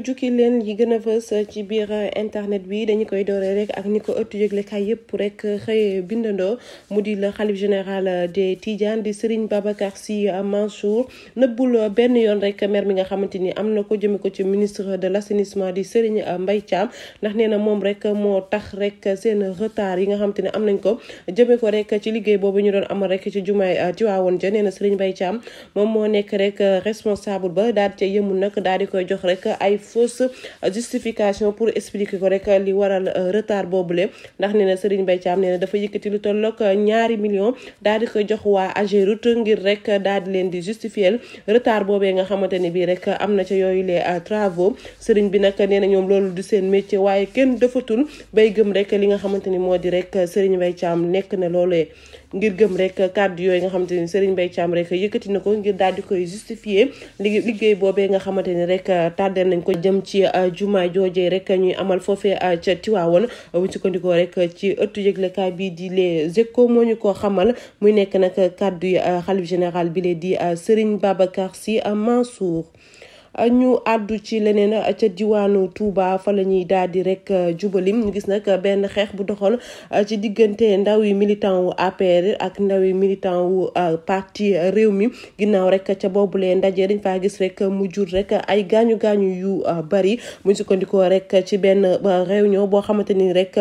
ñu jukki leen yi gën a fës ci biir internet bi dañu koy dooree rek ak ni ko ëttu yëglekaay yëpp rek xëye bindandoo mu di la xalif général des Tidiane di Serigne Babacar Sy Mansour nëbbul benn yoon rek maire mi nga xamante ni am na ko jëme ko ci ministre de l'assainissement di Serigne Mbaye Thiam ndax nee na moom rek moo tax rek seen retard yi nga xamante ne am nañ ko jëme ko rek ci liggéey boobu ñu doon amal rek ci jumaay Tiwaawoon ja woon na Serigne Mbaye Thiam moom moo nekk rek responsable ba daal di ca yëmul nag daal fausse justification pour expliquer ko rek li waral euh, retard boobule ndax nee na Serigne Mbaye Thiam nee na dafa yëkkati lu tolloog euh, ñaari million daal di ko jox waa Ageroute ngir rek daal di leen di justifier retard boobee nga xamante ne bii rek am na ca yooyu les euh, travaux Serigne bi nag nee na ñoom loolu du seen métier waaye kenn defatul bay gëm rek li nga xamante ni moo di rek Serigne Mbaye Thiam nekk na loolee. ngir gëm rek kàddu yooyu nga xamante ni Serigne Mbaye Thiam rek yëkkati na ko ngir daal di koy justifier liggéey boobee nga xamante ni rek tardé nañ ko jëm ci euh, jumaa joojee rek ñuy amal foofee euh, ca Tiwaawoon bu ñu rek ci ëttu yëglekaay bii di le Échos moo ñu ko xamal muy nekk nag kàddu yi euh, xalif général bi lee di Serigne Babacar Sy Mansour ñu àddu ci leneen ca diwaanu Touba fa la ñuy daal di rek euh, jubalim ñu gis nag benn xeex bu doxoon euh, ci diggante ndaw yi militant wu APR ak ndaw yi militant wu euh, parti réew mi ginnaaw rek ca boobu boobulee ndajee dañ faa gis rek mu jur rek ay gaañu gaañu yu bari mu sukkandikoo rek ci benn réunion boo xamante ni rek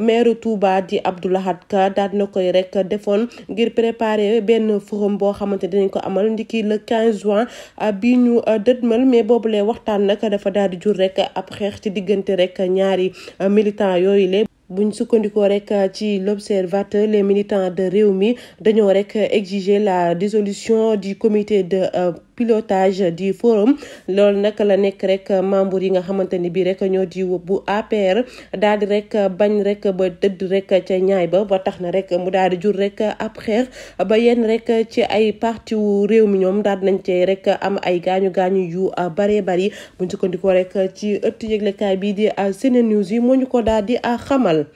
maire Touba di Abdou Lahad Ka daal na koy rek defoon ngir préparer benn forum boo xamante dinañ ko amal ndiki le 15 juin bi ñu dëdmal. mais boobu lee waxtaan nag dafa daal di jur rek ab xeex ci diggante rek ñaari euh, militant yooyu lee buñ sukkandikoo rek euh, ci l'observateur les militants de réew mi dañoo rek exiger la dissolution di comité de euh, pilotage di forum loolu nag la nekk rek membre yi nga xamante ni bii rek ñoo di bu APR daal di rek bañ rek ba dëdd rek ca ñaay ba ba tax na rek mu daal di jur rek ab xeex ba yenn rek ci ay parti wu réew mi ñoom daal nañ cee rek am ay gaañu gaañu yu baree bari buñ sukkandikoo rek ci ëtt yëglekaay bii di Sene News yi moo ñu ko daal di xamal.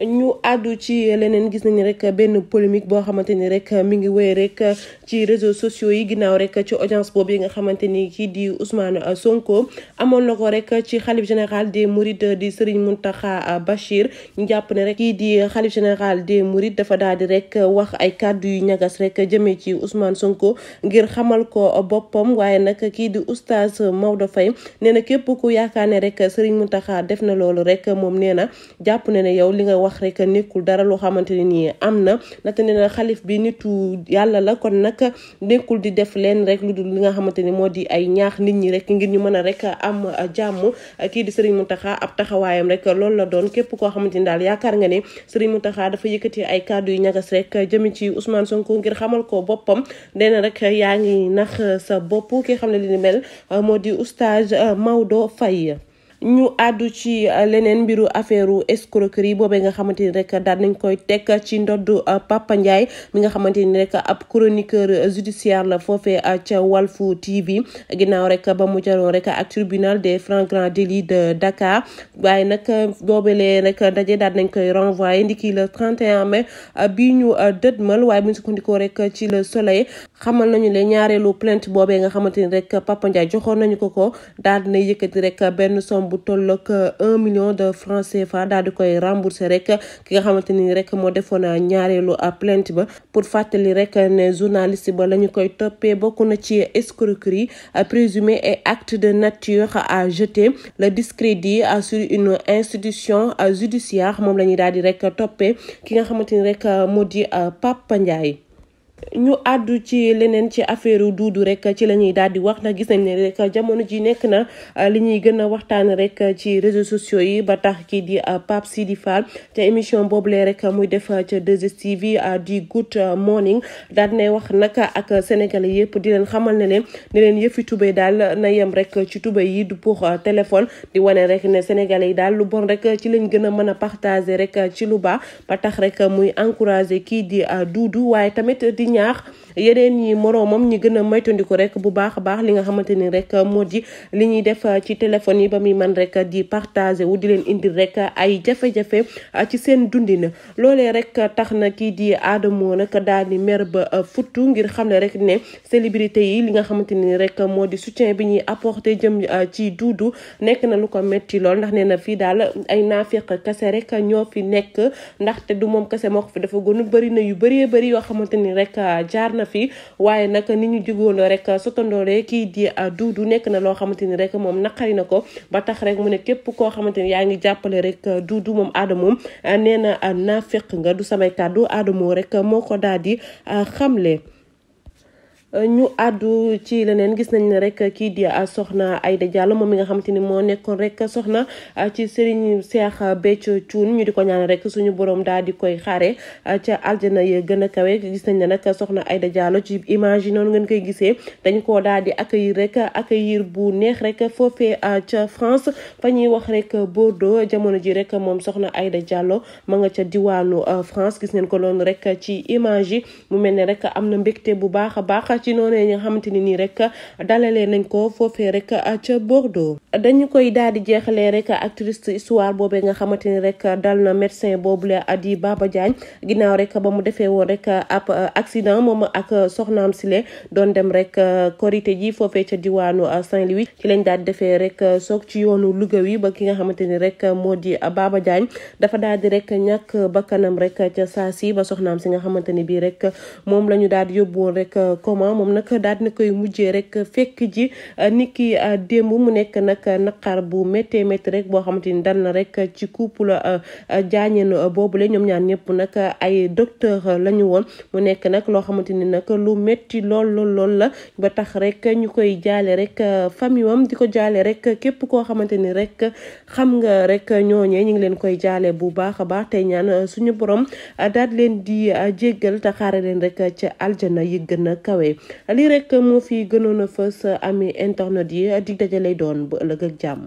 ñu àddu ci leneen gis nañu rek benn polémique boo xamante ni rek mu ngi wéy rek ci réseau sociaux yi ginnaaw rek ci audience boobu yi nga xamante ni kii di Ousmane Sonko amoon rek ci xalif général des Mourides di Serigne Mountakha Bachir jàpp ne rek kii di xalif général des Mourides dafa daal di rek wax ay kàddu yu ñagas rek jëmee ci Ousmane Sonko ngir xamal ko boppam waaye nag kii di oustaz Maodo Faye nee na képp ku yaakaar ne rek Serigne Mountakha def na loolu rek moom nee na jàpp ne ne yow li nga wax rek nekkul dara loo xamante ne nii am na ndaxte nee na xalif bi nitu yàlla la kon nag nekkul di def leen rek lu dul li nga xamante ni moo di ay ñaax nit ñi rek ngir ñu mën a rek am jàmm kii di Serigne taxa ab taxawaayam rek loolu la doon képp koo xamante ni daal yaakaar nga ne Serigne Mountakha dafa yëkkati ay kàddu yu ñagas rek jëmi ci Ousmane Sonko ngir xamal ko boppam dena rek yaa ngi nax sa bopp ki xam ne li ni mel moo di oustaz Maodo Faye ñu àddu ci euh, leneen mbiru affaire escroquerie boobee nga xamante ni rek daan nañ koy teg ci ndoddu euh, Papa bi nga xamante ni rek ab chroniqueur judiciaire la foofee euh, ca Walfu TV ginaaw rek ba mu jaroon rek ak tribunal des flagrants délits de Dakar waaye nag boobelee rek ndaje daal nañ koy renvoyé ndiki le 31 mai bi ñu dëdmal waaye bu ñu sukkandikoo rek ci le soleil xamal nañu le ñaareelu plainte boobe nga xamante ni rek Papa joxoon nañu ko ko daal dina yëkkati rek benn somme bu tolloog euh, un million de francs CFA daal di koy remboursé rek ki nga xamante ni rek moo defoon euh, ñaareelu euh, plainte ba pour fàttali rek ne journaliste ba la ñu koy toppee bokk na ci escroquerie présumée et acte de nature à jeter le discrédit sur une institution judiciaire moom la ñuy daal di rek toppee ki nga xamante ni rek moo di Pape Ndiaye ñu àddu ci leneen ci affaire duudu rek ci la ñuy daal di wax na gis nañ ne rek jamono ji nekk na euh, li ñuy gën a waxtaan rek ci réseaux sociaux yi ba tax kii di euh, Pape di Fall te émission boobule rek muy def ca 2STV euh, di good morning daal ne wax nag ak sénégalais yëpp di leen xamal ne leen ne leen yëfi tubéy daal na yem rek ci tubéy yi du pour téléphone di wane rek ne sénégalais yi daal lu bon rek ci lañ gën a mën a partager rek ci lu baax ba tax rek muy encourager kii di. ñaax yeneen yi moroomam ñi gën a moytandiku rek bu baax a baax li nga xamante ni rek moo di li ñuy def uh, ci téléphone yi ba muy man rek di partager wu di leen indil rek uh, ay jafe-jafe uh, ci seen na loolee rek tax na kii di Adamo nag daal di mer ba futtu ngir xam ne rek ne célébrité yi li nga xamante ni rek moo di soutien bi ñuy apporter jëm ci duudu nekk na lu ko metti lool ndax nee na fii daal ay naafeq kase rek ñoo fi nekk ndaxte du moom kese moo fi dafa gënu bëri na yu bëree bëri yoo xamante ni rek jaar fi waaye nag ni ñu jugoondoo rek sotandoole kii di ah, Doudou nekk na loo xamante ni rek moom naqari na ko ba tax rek mu ne képp koo xamante ni yaa ngi jàppale rek ah, du moom Adamo ah, nee na feq nga du samay kàddu Adamo rek moo ko daal di xamle ñu àddu ci leneen gis nañ ne rek kii di ah, soxna Aida Diallo moom mi nga xamante ni moo nekkoon rek soxna ah, ci Serigne Cheikh Béthio Thioune ñu di ko ñaan rek suñu borom daal di koy xaare ah, ca aljana ya gën a kawe gis nañ ne nag soxna Aida Diallo ci image yi noonu ngeen koy gisee dañ koo daal di accueillir rek accueillir bu neex rek foofee ca France fa ñuy wax rek Bordeaux jamono ji rek moom soxna Aida Diallo ma nga ca diwaanu France gis ngeen ko noonu rek ci image yi mu mel ne rek am na mbégte bu baax a baax ci noonu ñi nga xamante ni nii rek dalalee nañ ko foofee rek ca Bordeaux dañu koy daal di jeexalee rek ak triste histoire boobee nga xamante ni rek dal na médecin boobule di Baba Diagne ginnaaw rek ba mu defee woon rek ab accident moom ak soxnaam sile doon dem rek korité ji foofee ca diwaanu Saint-Louis ci lañ daal di defee rek sook ci yoonu Louga wi ba ki nga xamante ni rek moo di Baba Diagne dafa daal di rek ñàkk bakkanam rek ca saa si ba soxnaam si nga xamante ni bii rek moom la ñu daal di yóbbu rek comment également moom nag daal dina koy mujjee rek fekk ji euh, nit ki euh, démb mu nekk nag naqar bu méttee métti rek boo xamante ni dal na rek ci couple euh, jaañeen boobule ñoom ñaar ñëpp nag ay docteur la ñu woon mu nekk nag loo xamante ni nag lu métti lool lool lool la ba tax rek ñu koy jaale rek famille am di ko jaale rek képp koo xamante ni rek xam nga rek ñooñee ñu ngi leen koy jaale bu baax a baax tey ñaan suñu borom daal leen di jéggal te xaare leen rek ca aljana yi gën a kawe lii rek moo fi gënoon a fës ami internet yi dig dajalay doon bu ëllëg ak jàmm